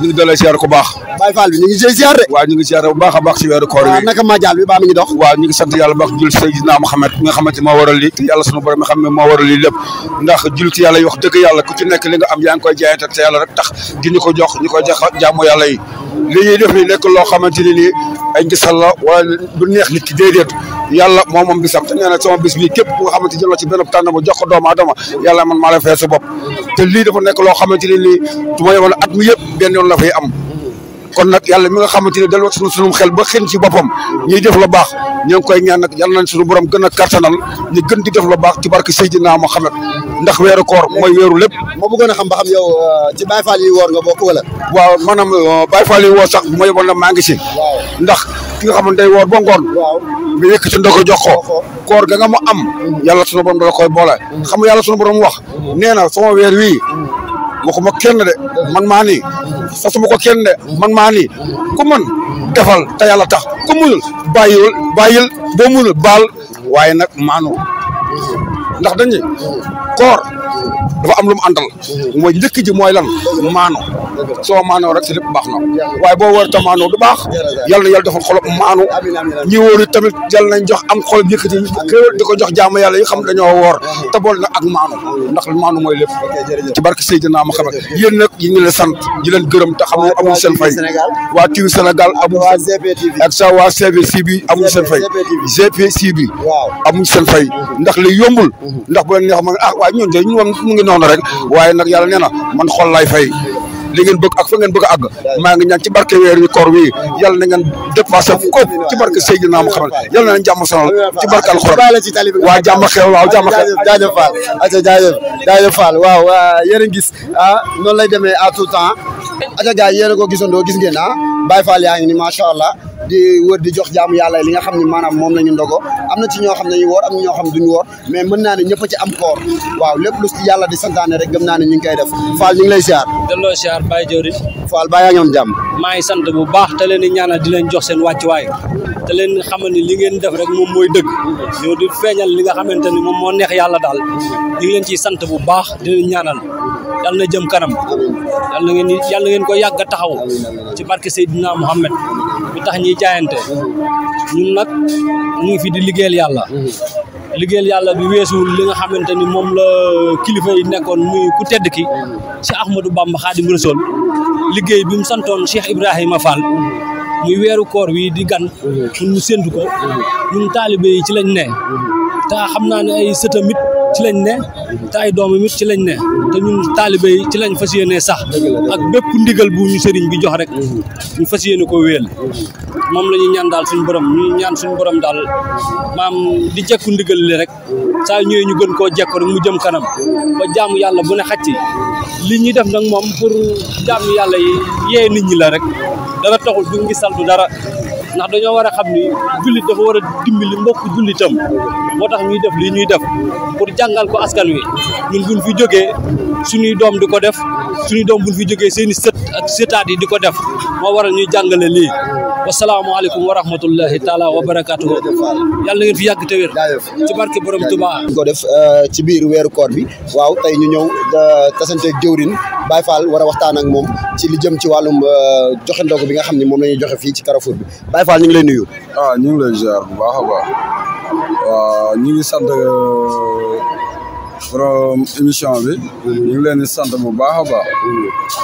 ñu ngi doon lay ziar ku baax Baye Fall bi ñu ngi ziar de waaw ñu ngi ziar bu baax a baax ci weeru koor wi naka majaal bi baa mi ngi dox waaw ñu ngi sant yàlla baax jul Seydina Muhammad mi nga xamante moo waral lii te yàlla sunu borom mi xam ndax jul ci yàlla yi wax dëgg yàlla ku ci nekk li nga am yaa ngi koy jaayante te yàlla rek tax di ñu ko jox ñu koy jox jaamu yi li ñuy def ni loo xamante ni nii ay gisal la wala du neex nit ki déedéet yàlla moom moom bisam te nee sama bis bii képp ku nga xamante jël na ci benn tànn bu jox ko doomu aadama yàlla man maa la fee sa bopp te lii dafa nekk loo xamante ne nii su ma yemoon at mi yëpp benn yoon la fay am kon nag yàlla mi nga xamante ne delluwaat sunu sunum xel ba xen ci boppam ñuy def la baax ñu ngi koy ñaan nag yal nañ sunu borom gën a kattanal ñu gën di def la baax ci barke Seydina Mohamed ndax weeru koor mooy weeru lépp moo bëggoon a xam ba xam yow euh, ci Baye Fall woor nga bokk wala waaw maanaam euh, Baye Fall sax bu ma maa ngi si ki nga xamante day woor ba ngoon nga yëkk ci ndog jox ko koor ga nga mu am mm. yàlla sunu borom dala koy boole mm. xam yàlla sunu borom wax mm. nee na sama weer wii waxuma kenn de man maa nii fasuma ko kenn man maa nii ku mën defal te yàlla tax ku munul bàyyiwul bàyyil boo munul baal waaye nag maanu ndax dañuy koor dafa am lu mu àndal mooy njëkk ji mooy lan maano soo maanoo rek si lépp baax na waaye boo wër ta maanoo du baax yal na yàlla defal xolop maano ñi wóoru tamit yal nañ jox am xol yëkkati xéewal di ko jox jaamu yàlla yi xam dañoo woor te bool nag ak maano ndax maano mooy lépp ci barke Seydina Muhammad yéen nag yi ngi leen sant di leen gërëm te xam ne amul seen fay waa TV Sénégal amul ak sa waa CVC bi amul seen fay GPC bi amul seen fay ndax li yombul ndax bu leen neex ah waaye ñun de ñu woon noonu rek waaye nag yàlla nee na man xol lay fay li ngeen bëgg ak fa ngeen bëgg a maa ngi ñaan ci barke weer wi koor wi yàlla na ngeen dépassé kopp ci barke Seydina Muhammad yàlla na leen jàmm sonal ci barke alxuraan waa jàmm xew waaw jàmm xew jaajëf Fall aca jaajëf jaajëf Fall waaw a gis ah noonu lay demee à tout temps aca a ko gisandoo ah. yaa ngi ni allah di wër di jox jaamu yàlla li nga xam ne maanaam moom la ñu ndogo am na ci ñoo xam ne ñu woor am na ñoo xam ne duñu woor mën naa ne ñëpp a ci am koor waaw lépp lu yàlla di santaane rek gëm naa ne ñu ngi def Fall ñu ngi lay siyaar delloo siyaar Baye Diori Fall Baye yaa ngi maa ngi sant bu baax te leen di ñaanal di leen jox seen wàccuwaay te leen xamal ni li ngeen def rek moom mooy dëgg ñoo di feeñal li nga xamante ni moom moo neex yàlla daal ñu ngi leen sant bu baax di leen ñaanal yal jëm kanam yal na ngeen yal na ngeen ko yàgg taxaw ci barke Seydina bi tax ñuy jaayante ñun nag ñu ngi fi di liggéeyal yàlla liggéeyal yàlla bi weesuwul li nga xamante ni moom la kilifa yi nekkoon muy ku tedd ki si Ahmadou Bamba Xaadim Rasul liggéey bi mu santoon Cheikh Ibrahima Fall muy koor wi di gan ñun ñu séntu ko ci lañ ne te xam ay sëtamit ci lañ ne te ay doomam it lañ ne te ñun taalibe yi ci lañ fas yéenee sax ak bépp ndigal bu ñu sëriñ bi jox rek ñu fas yéene ko wéel moom la ñuy ñaan daal suñu borom ñu ñaan suñu borom daal maam di jekku ndigal li rek saa ñëwee ñu gën koo jekku rek mu jëm kanam ba jaamu yàlla bu ne xacci li ñuy def nag moom pour jaamu yàlla yee nit ñi la rek dara taxul du ngi saltu dara ndax dañoo war a xam ni jullit dafa war a dimbili mbokk jullitam moo tax ñuy def lii ñuy def pour jàngal ko askan wi ñun buñ fi jógee suñuy doom di ko def suñuy doom buñ fi jógee seen i sët ak sëtaat yi di ko def moo waral ñuy jàngale lii wasalaamaaleykum wa rahmatullahi taala wa barakaatu yàlla na ngeen fi yàgg te wér ci barke borom Tuba ko def euh, ci biir weeru koor bi waaw tey ñu ñëw euh, tasanteeg jëwrin Baye Fall war a waxtaan ak moom ci li jëm ci wàllum euh, joxe ndogu bi nga xam ne moom la ñuy joxe fii ci Carrefour bi Baye Fall ñu ngi lay nuyu ah ñu ngi lay ziar bu baax a ñu ngi sant borom émission bi ñu ngi leen di sant bu baax a baax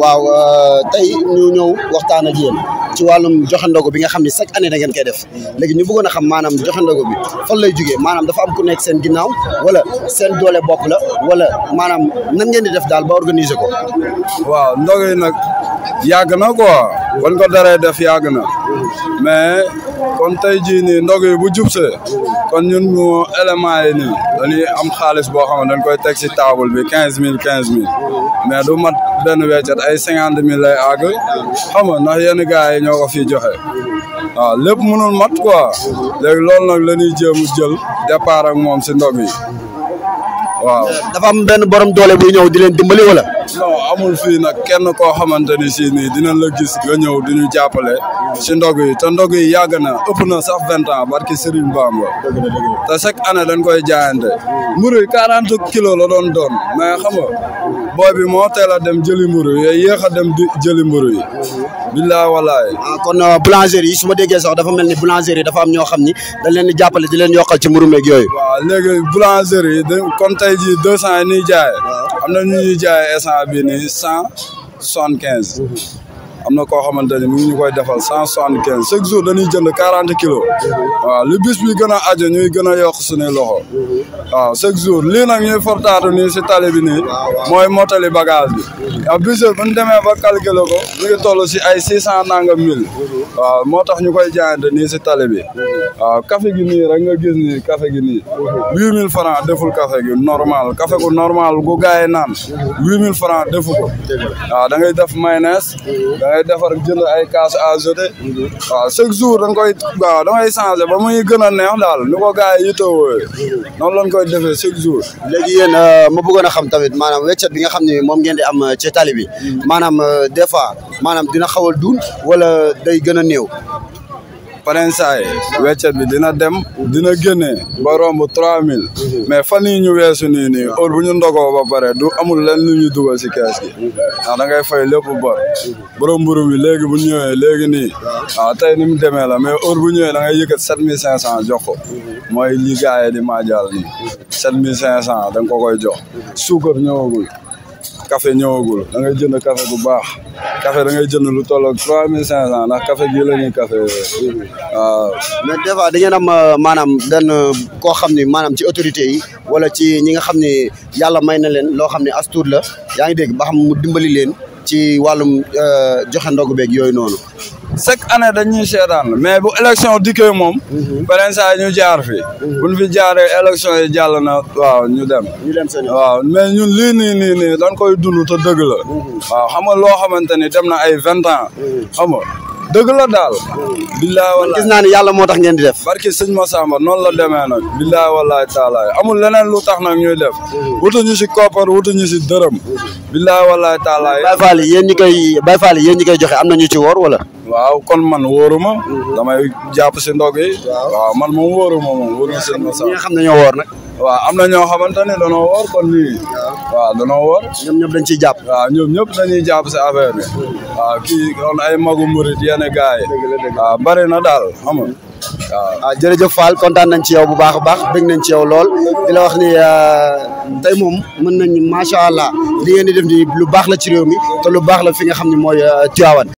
waaw euh, tey ñu waxtaan ak yéen ci wàllum joxe bi nga xam ne chaque année da ngeen koy def léegi ñu bëggoon a xam maanaam joxe ndogu bi fan lay jugee maanaam dafa am ku nekk seen ginnaaw wala seen doole bopp la wala maanaam nan ngeen di def daal ba organiser ko waaw ndogu nag yàgg na quoi ban ko daree def yàgg na kon tey jii nii ndog yi bu jubsee kon ñun ñu éléments yi am xaalis boo xam ne dañ koy teg si table bi quinze mille quinze mille mais du mat benn weccet ay cinquante mille lay àgg xam nga ndax yenn gars yi ñoo ko joxe waaw lépp mënul mat quoi léegi loolu nag la ñuy jéem jël départ moom si ndog yi waaw. dafa am benn borom doole buy ñëw di leen dimbali wala. non amul fii nag kenn koo xamante ni si nii dinañ la gis nga ñëw di ñu jàppale si ndog yi te ndog yi yàgg na ëpp na sax vingt ans barki Serigne Bamba te chaque année dañ koy jaayante mburu yi quarante kilos la doon don mais xam nga booy bi moo teel a dem jëli mburu yi yéex a dem di jëli mburu yi billaay walaay ah, kon euh, boulangerie yi su ma déggee sax dafa mel ni boulangerie yi dafa am ñoo xam ni dañ leen di jàppale di leen yokkal ci mburu meeg yooyu waaw léegi boulangerie yi comme tey jii jaay am na ñu ñuy jaay instant bii nii cent soixante quinze. am na koo xamante ni mu ngi ñu koy defal cent soixante quinze chaque jour dañuy jënd quarante kilos waaw li bis bi gën a aju ñuy gën a yokk suñuy loxo waaw chaque jour lii nag fortaatu nii si tali bi nii mooy motali bagage bi a bis bu ñu demee ba calculer ko ñu ngi toll si ay six cent nangam mille waaw moo tax ñu koy jaayante ni si tali bi waaw gi nii rek nga gis nii café gi nii huit mille francs deful café gi normal café gu normal gu gaay naan huit mille francs defu ko waaw da ngay def mayonnaise ay defar jënd ay kaas à jeter waaw chaque jour da nga koy waaw da ngay changé ba muy gën a neex daal ni ko gars yi yitteewoo noonu lañ koy defee chaque jour léegi yéen euh, ma bëggoon a xam tamit maanaam weccet bi nga xam ne moom ngeen di am euh, ci tali bi hmm. maanaam euh, des fois maanaam dina xaw a duun wala day gën a néew beneen saa yi bi dina dem dina génne ba romb trois mille mais fan yi ñu weesu nii nii heure bu ñu ndogoo ba pare du amul lenn lu ñu dugal si kees gi ndax ngay fay lépp bor borom mburu bi léegi bu ñëwee léegi nii waaw ni mu demee la mais heure bu ñëwee da ngay yëkkat sept mille cinq cent jox ko mooy li gars yi di maajaal nii sept mille cinq cent da nga ko koy jox suukar ñëwagul ñëwagul da ngay jënd café bu baax kafe da ngay jënd lu toll ak trois mille cinq cent ndax café gii la ñuy café waaw. mais des fois da ngeen am euh, maanaam benn koo xam ni maanaam ci autorité yi wala ci ñi nga xam ni yàlla may na leen loo xam ne as la yaa ngi dégg ba xam mu dimbali leen. ci wàllum euh, joxe ndogu beeg yooyu noonu. chaque année dañuy seetaan mais bu élection dikkee moom. beneen mhm. saa ñu jaar fi. Mhm. bu ñu fi jaaree élection yi jàll na waaw ñu dem. ñu dem seen waaw mais ñun lii nii nii nii dañ koy dund te dëgg la. Mhm. waaw xam nga loo xamante ni dem na ay vingt ans. xam nga. dëgg la daal. billaahi gis naa ni yàlla moo tax ngeen di def. barki sëñ Massamba noonu la demee nag. billaahi wallaahi taala amul leneen lu tax nag ñuy def. Mhm. wutuñu si koppar wutuñu si dërëm. billaahi wallaahi taala. Baye Fall yéen ñi koy Baye Fall yéen ñi koy joxe am na ñu ci woor walla waaw kon man wóoruma. Mhm. damay jàpp si ndog yi. waaw man moom wóoruma moom wóoruma sëñ Massamba. ñi nga xam ne ñoo wóor nag. waaw am na ñoo xamante ne danoo woor kon nii waaw danoo woor ñoom ñëpp dañ ciy jàpp waaw ñoom ñëpp dañuy jàpp si affaire bi waaw kii kon ay magu murit yenn gars yi waaw bari na daal xam nga waaw ah, jërëjëf Fall kontaan nañ ci yow bu baax a baax bëgg nañ ci yow lool di wax ni ah, tey moom mën nañ macha allah li ngeen di def ni lu baax la ci réew mi te lu baax la fi nga xam ni mooy ah, Tivaouane